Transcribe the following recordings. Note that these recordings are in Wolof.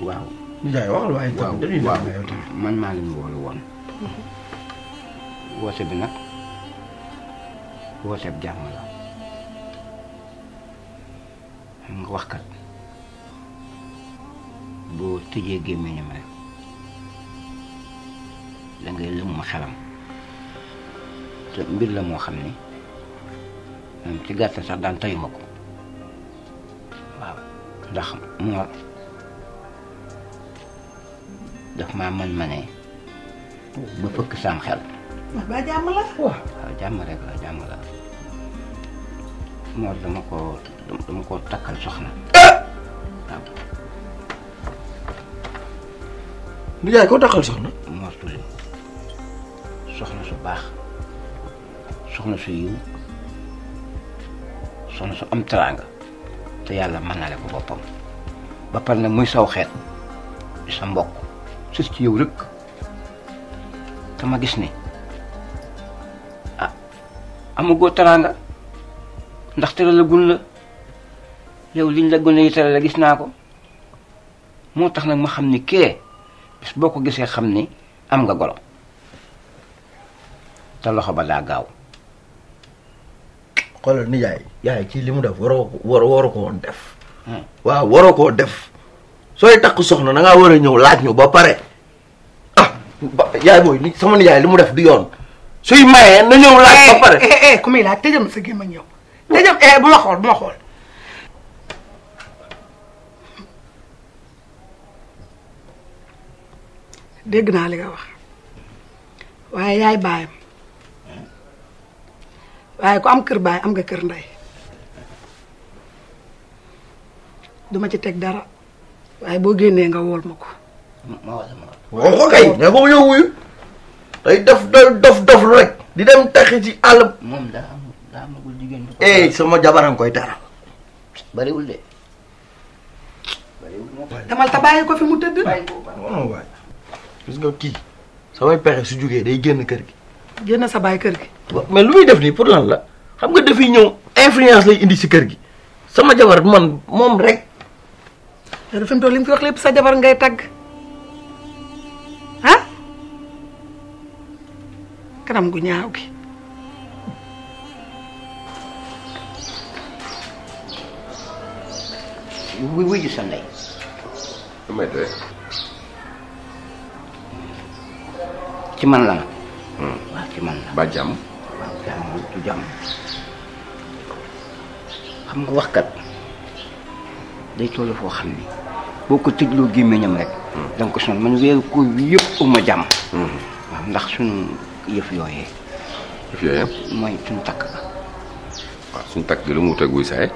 waaw. Ndiaye waxal waaye tam dañuy waaw man maa leen woolu woon. woote bi nag wooteeb jàmm la xam nga waxkat boo tëjee gémmiñam rek da ngay lëmm xelam te mbir la moo xam ni moom ci gàttal sax daan tayuma ko waaw ndax moo daf ma mën ma ne ba fëkk sam xel. waaw ba jàmm la. waaw jàmm la dama ko dama ko takkal soxna. waaw. Ndiaye koo takkal soxna. Mor su baax soxna su yiw soxna su am teraanga te yàlla mënale ko boppam ba pare na muy saw xeet sa mbokk. sës ci yow rek te ma gis ne ah amagoo teraanga ndax teral la gun la yow liñ la gone yi teral la gis naa ko moo tax nag ma xam ni kee bis boo ko gisee xam ni am nga golo te loxo ba daa gaaw xoolal ni yaay yaay ci li mu def waroo waroo koo def hmm. waaw waroo ko def sooy takk soxna da ngaa ñëw laaj ñu ba pare ba yaay booy li sama nijaay li mu def du yoon suy maye na ñëw laaj. ba pare eh eh, eh, eh ku muy laaj tëjam sa gémmañ yow. tëjam eh bu ma xool bu ma xool. dégg naa li nga wax waaye yaay baayam waaye ku am kër baay am nga kër ndey duma ci teg dara waaye boo génnee nga wool ma ko. waaw kay nga ko yow wuyu day def day dof dof rek di dem taxi ci àll. moom daa am daa amagul jigéen bu eh sama jabaram koy tara bariwul de demal ta bàyyi ko fi mu tëdd. bàyyi ko waaw waay gis nga kii samay pexe su jugee day génn kër gi. génn sa bàyyi kër gi. mais lu muy def nii pour lan la xam nga dafiy ñëw influence lay indi si kër gi sama jabar man moom rek. dafa mu toll li mu fi wax lépp sa jabar ngay tagg. kanam ku ñaaw gi wuy ci man la nag hmm. waaw ci man la ba jàmm waaw jàmm du jàmm xam nga waxkat day tollu foo xam ni boo ko tëjloo gémmiñam rek hmm. da nga ko sonal man weeru koor bi yëpp hmm. ndax suñu yëf yooyee. yëf yooyee. mooy suñu takk ba. waaw suñu takk gi lu mu wut ak saa saay.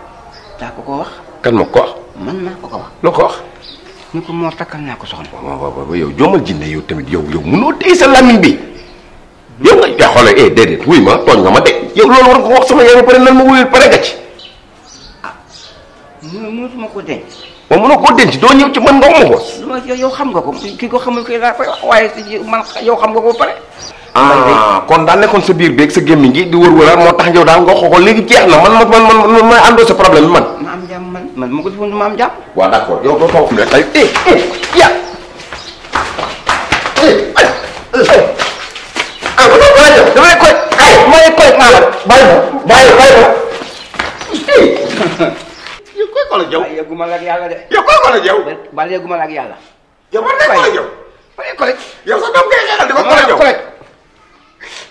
daa ko ko wax. kan ma ko wax. man maa ko ko wax. loo ko wax. ni ko moo takkal naa ko soxna. waaw yow joomal jinne yow tamit yow yow mënoo téye sa làmmiñ bi yow nga yaa xoolee eh déedéet wuy ma tooñ nga ma de yow loolu war nga ko wax sama yaay ba pare nan ma wuyul pare nga ci. ah mënoo mënatuma koo denc. waaw mënoo koo denc doo ñëw ci man nga wax ma ko. yow xam nga ko ki ko xamul kay laa koy wax waaye man xam nga ko ba Ah. kon daan nekkoon sa biir beeg sa gémmiñ gi di wor wora motax ñew yow nga xool legi jeex na man man man man may ando ce problème man. ma am jàmm man man mu ko ma am jàmm. waaw d' yow doo taw fi mu eh eh ya eh ay ay ah ba doon bàyyi ko damay koy ay may koy maa la bàyyi ko bàyyi bàyyi ko. Eh. yow koy ko la jaw. waaye yegguma la ak yàlla de. yow koy ko la jaw. ba yegguma la ak yàlla. yow man de ko la jaw. waaye ko rek. yow sa doom ngay xeexal di ko ko la jaw.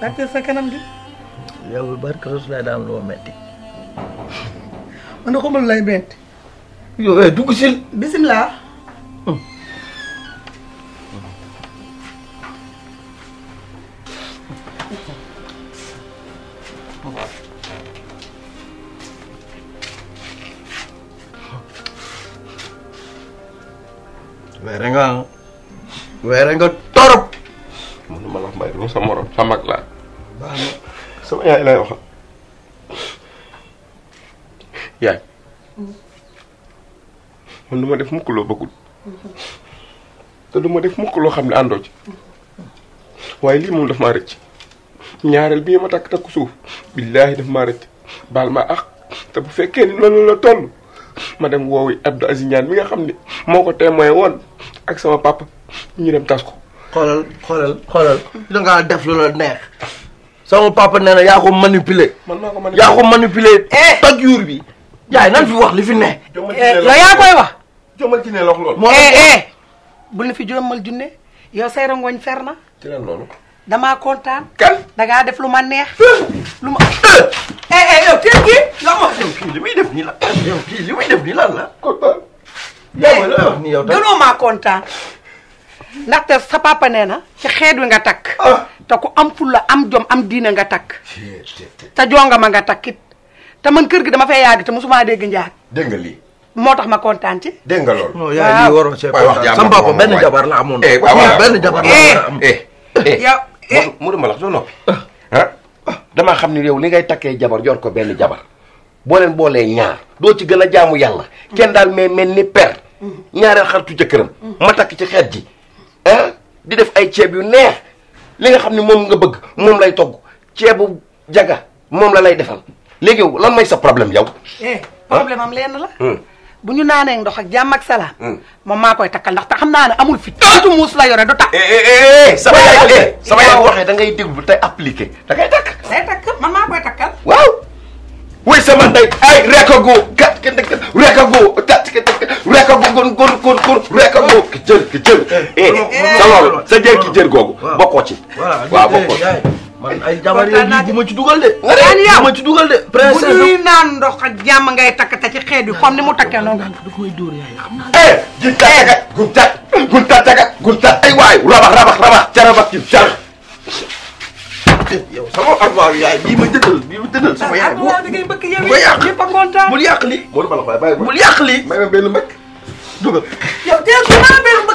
ak sa kanam gi yow barke rasulullah daam lo metti man ko mal lay metti yo eh dug sil bismillah Werenga, oh. werenga torop. Mana malah bayar sama orang sama lah sama ya, lay Ya. Ya. Hmm. man du def mukk lo bëggul te duma def mukk lo xamni ando àndoo ci waaye li moom daf ma recc. Ñaaral bi ma tak tak suuf Billahi daf ma recc. Bal ma ak te bu fekke ni loolu la toll ma dem woowi Abdou Azignan mi nga xamni moko témoin ak sama papa ñu dem tas ko xoolal xoolal da nga def lu la neex sama papa nena ya ko manipuler. ya ko manipuler yaa ko manipuler. Eh! bi. yaay nan fi wax li fi ne. Eh, la ya koy wax. jomal ne la lol eh eh bu ne fi jomal junne yo say rongoñ fer ci len lolou dama contane kan da def lu neex. lu eh eh yo kii kii. la wax yow kii li muy def ni la. yo kii li muy def ni la la. kontaan. yow la wax nii yow eh, no ma contane ndax te sa papa nena? ci xeet wi nga tak ah ta ko am fulla am jom am diine nga tak ta jonga ma nga takit ta man keur gi dama fay yag ta musuma deg ndiak deg nga li motax ma kontaan ci nga lol ya yaa woro ci ko sam sama ben jabar la eh, ben jabar la am eh, eh, eh. yow mu dama la soo noppi ah damaa xam ni réew li ngay takke jabar jor ko ben jabar len bo le ñaar do ci gëna jaamu yalla ken dal me melni per mm-hmm. ñaaral xartu mm-hmm. ci jëkkëram ma tak ci xet ji hein ah, di def ay ciéb yu neex li nga xam ne moom nga bëgg moom lay togg ceebu jaga moom la lay defal léegi yow lan mooy sa problème yow. Eh, problème am lenn la. Hmm. bu ñu naanee ndox ak jàmm ak salaam. Hmm. moom maa koy takkal ndax te xam naa ne amul fi taatu muus la yore du takk. Eh, eh, sama yaay sama yaay waxee da ngay déglu tey appliqué da ngay takk. takkal waaw. wéy sama ndey ay rekago kat ke ndek rekago tat ke ndek rekago gon gon gon gon rekago ki jël ki jël eh sa loolu sa jël ki jël googu bokkoo ci waaw bokkoo ci eh, eh, eh. man ay jabar yooyu ma ci dugal de bu ma ci dugal de bu ñuy naan ndox ak jàmm ngay takk ta ci xeet bi comme ni mu takkee noonu da koy dóor yaay xam eh gun tat gun tat gun tat gun ay waay rabax rabax rabax ca ci jar jël yow sama armoire yaay bii ma jëndal bii ma jëndal sama yaay. bu da ngay bëgg yow yàq ñëpp a kontaan bul yàq lii. Modou Balakoe bàyyi benn mbëkk dugal. yow